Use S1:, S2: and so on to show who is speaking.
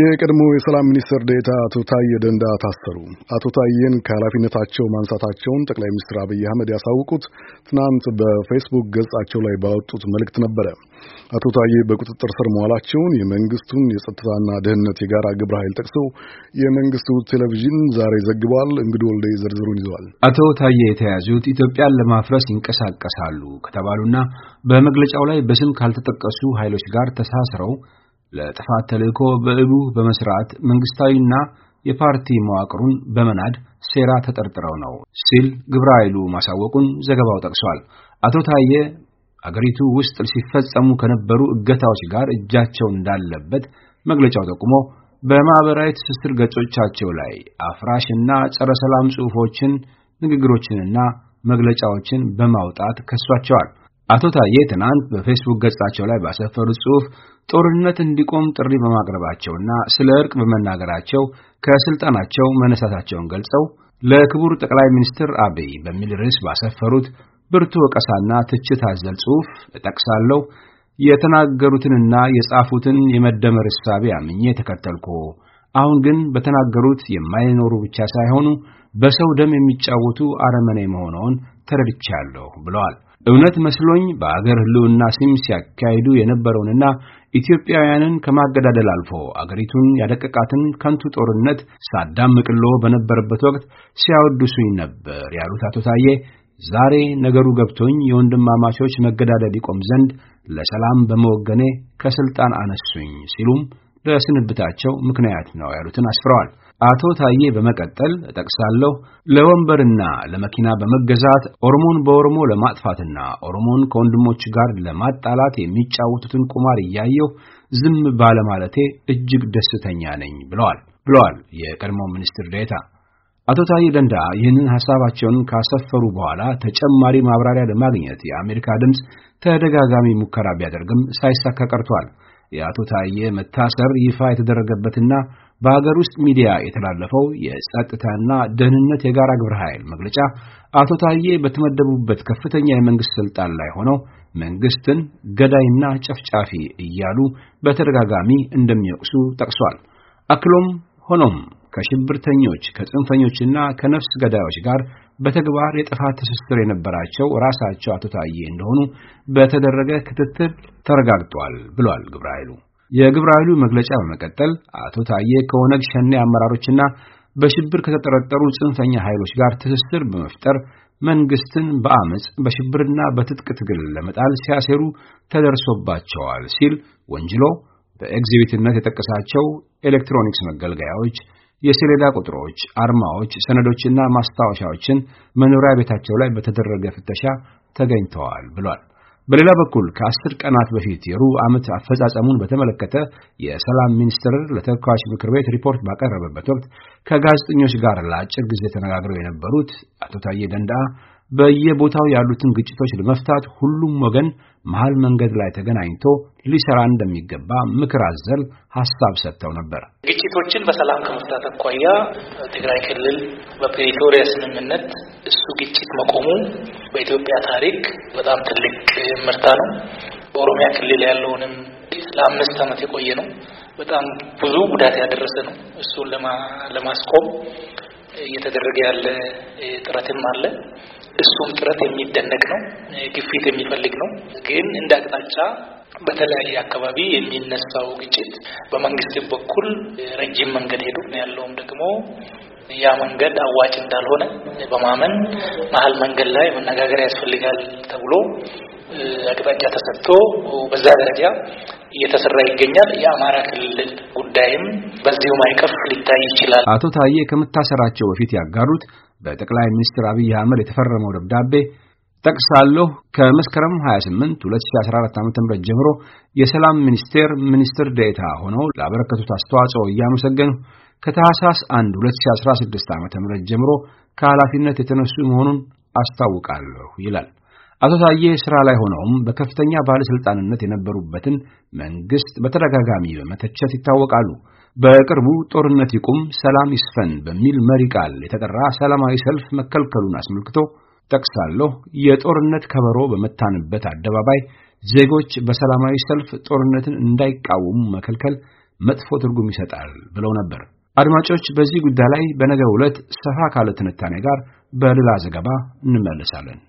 S1: የቀድሞ የሰላም ሚኒስትር ዴታ አቶ ታዬ ደንዳ ታሰሩ። አቶ ታዬን ከኃላፊነታቸው ማንሳታቸውን ጠቅላይ ሚኒስትር አብይ አህመድ ያሳውቁት ትናንት በፌስቡክ ገጻቸው ላይ ባወጡት መልእክት ነበረ። አቶ ታዬ በቁጥጥር ስር መዋላቸውን የመንግስቱን የጸጥታና ደህንነት የጋራ ግብረ ኃይል ጠቅሶ የመንግስቱ ቴሌቪዥን ዛሬ ዘግቧል። እንግዲህ ወልዴ ዝርዝሩን ይዘዋል። አቶ ታዬ የተያዙት ኢትዮጵያን ለማፍረስ ይንቀሳቀሳሉ ከተባሉና በመግለጫው ላይ በስም ካልተጠቀሱ ኃይሎች ጋር ተሳስረው ለጥፋት ተልእኮ በእቡ በመስራት መንግስታዊና የፓርቲ መዋቅሩን በመናድ ሴራ ተጠርጥረው ነው ሲል ግብረ ኃይሉ ማሳወቁን ዘገባው ጠቅሷል። አቶ ታየ አገሪቱ ውስጥ ሲፈጸሙ ከነበሩ እገታዎች ጋር እጃቸው እንዳለበት መግለጫው ጠቁሞ በማህበራዊ ትስስር ገጾቻቸው ላይ አፍራሽና ጸረ ሰላም ጽሑፎችን፣ ንግግሮችንና መግለጫዎችን በማውጣት ከሷቸዋል። አቶ ታዬ ትናንት በፌስቡክ ገጻቸው ላይ ባሰፈሩት ጽሑፍ ጦርነት እንዲቆም ጥሪ በማቅረባቸውና ስለ እርቅ በመናገራቸው ከስልጣናቸው መነሳታቸውን ገልጸው ለክቡር ጠቅላይ ሚኒስትር አብይ በሚል ርዕስ ባሰፈሩት ብርቱ ወቀሳና ትችት አዘል ጽሑፍ እጠቅሳለሁ የተናገሩትንና የጻፉትን የመደመር እሳቤ አምኜ ተከተልኩ። አሁን ግን በተናገሩት የማይኖሩ ብቻ ሳይሆኑ በሰው ደም የሚጫወቱ አረመኔ መሆነውን ተረድቻለሁ ብለዋል። እውነት መስሎኝ በአገር ህልውና ስም ሲያካሂዱ የነበረውንና ኢትዮጵያውያንን ከማገዳደል አልፎ አገሪቱን ያደቀቃትን ከንቱ ጦርነት ሳዳምቅሎ በነበረበት ወቅት ሲያወድሱኝ ነበር ያሉት አቶ ታዬ ዛሬ ነገሩ ገብቶኝ የወንድማማቾች መገዳደል ይቆም ዘንድ ለሰላም በመወገኔ ከስልጣን አነሱኝ ሲሉም ለስንብታቸው ምክንያት ነው ያሉትን አስፍረዋል። አቶ ታዬ በመቀጠል እጠቅሳለሁ ለወንበርና ለመኪና በመገዛት ኦሮሞን በኦሮሞ ለማጥፋትና ኦሮሞን ከወንድሞች ጋር ለማጣላት የሚጫወቱትን ቁማር እያየሁ ዝም ባለማለቴ እጅግ ደስተኛ ነኝ ብለዋል ብለዋል የቀድሞው ሚኒስትር ዴኤታ አቶ ታዬ ደንዳ ይህንን ሐሳባቸውን ካሰፈሩ በኋላ ተጨማሪ ማብራሪያ ለማግኘት የአሜሪካ ድምፅ ተደጋጋሚ ሙከራ ቢያደርግም ሳይሳካ ቀርቷል። የአቶ ታዬ መታሰር ይፋ የተደረገበትና በሀገር ውስጥ ሚዲያ የተላለፈው የጸጥታና ደህንነት የጋራ ግብረ ኃይል መግለጫ አቶ ታዬ በተመደቡበት ከፍተኛ የመንግስት ስልጣን ላይ ሆነው መንግስትን ገዳይና ጨፍጫፊ እያሉ በተደጋጋሚ እንደሚወቅሱ ጠቅሷል። አክሎም ሆኖም ከሽብርተኞች ከጽንፈኞችና ከነፍስ ገዳዮች ጋር በተግባር የጥፋት ትስስር የነበራቸው ራሳቸው አቶ ታዬ እንደሆኑ በተደረገ ክትትል ተረጋግጧል ብሏል ግብረ ኃይሉ። የግብረ ኃይሉ መግለጫ በመቀጠል አቶ ታዬ ከኦነግ ሸኔ አመራሮችና በሽብር ከተጠረጠሩ ጽንፈኛ ኃይሎች ጋር ትስስር በመፍጠር መንግስትን በአመፅ በሽብርና በትጥቅ ትግል ለመጣል ሲያሴሩ ተደርሶባቸዋል ሲል ወንጅሎ በኤግዚቢትነት የጠቀሳቸው ኤሌክትሮኒክስ መገልገያዎች የሰሌዳ ቁጥሮች፣ አርማዎች፣ ሰነዶችና ማስታወሻዎችን መኖሪያ ቤታቸው ላይ በተደረገ ፍተሻ ተገኝተዋል ብሏል። በሌላ በኩል ከአስር ቀናት በፊት የሩብ ዓመት አፈጻጸሙን በተመለከተ የሰላም ሚኒስትር ለተወካዮች ምክር ቤት ሪፖርት ባቀረበበት ወቅት ከጋዜጠኞች ጋር ለአጭር ጊዜ ተነጋግረው የነበሩት አቶ ታዬ ደንዳ በየቦታው ያሉትን ግጭቶች ለመፍታት ሁሉም ወገን መሃል መንገድ ላይ ተገናኝቶ ሊሰራ እንደሚገባ ምክር አዘል ሀሳብ ሰጥተው ነበር።
S2: ግጭቶችን በሰላም ከመፍታት አኳያ ትግራይ ክልል በፕሪቶሪያ ስምምነት እሱ ግጭት መቆሙ በኢትዮጵያ ታሪክ በጣም ትልቅ ምርታ ነው። በኦሮሚያ ክልል ያለውንም ለአምስት ዓመት የቆየ ነው። በጣም ብዙ ጉዳት ያደረሰ ነው። እሱን ለማስቆም እየተደረገ ያለ ጥረትም አለ። እሱም ጥረት የሚደነቅ ነው፣ ግፊት የሚፈልግ ነው። ግን እንደ አቅጣጫ በተለያየ አካባቢ የሚነሳው ግጭት በመንግስት በኩል ረጅም መንገድ ሄዶ ያለውም ደግሞ ያ መንገድ አዋጭ እንዳልሆነ በማመን መሀል መንገድ ላይ መነጋገር ያስፈልጋል ተብሎ አቅጣጫ ተሰጥቶ በዛ ደረጃ እየተሰራ ይገኛል። የአማራ ክልል ጉዳይም በዚሁ ማይቀፍ ሊታይ ይችላል።
S1: አቶ ታዬ ከምታሰራቸው በፊት ያጋሩት በጠቅላይ ሚኒስትር አብይ አህመድ የተፈረመው ደብዳቤ ጠቅሳለሁ። ከመስከረም 28 2014 ዓ.ም ጀምሮ የሰላም ሚኒስቴር ሚኒስትር ዴታ ሆነው ላበረከቱት አስተዋጽኦ እያመሰገኑ ከታህሳስ 1 2016 ዓ.ም ጀምሮ ከኃላፊነት የተነሱ መሆኑን አስታውቃለሁ ይላል። አቶ ታዬ ስራ ላይ ሆነውም በከፍተኛ ባለስልጣንነት የነበሩበትን መንግስት በተደጋጋሚ በመተቸት ይታወቃሉ። በቅርቡ ጦርነት ይቁም፣ ሰላም ይስፈን በሚል መሪ ቃል የተጠራ ሰላማዊ ሰልፍ መከልከሉን አስመልክቶ ጠቅሳለሁ። የጦርነት ከበሮ በመታንበት አደባባይ ዜጎች በሰላማዊ ሰልፍ ጦርነትን እንዳይቃወሙ መከልከል መጥፎ ትርጉም ይሰጣል ብለው ነበር። አድማጮች፣ በዚህ ጉዳይ ላይ በነገው ዕለት ሰፋ ካለ ትንታኔ ጋር በሌላ ዘገባ እንመለሳለን።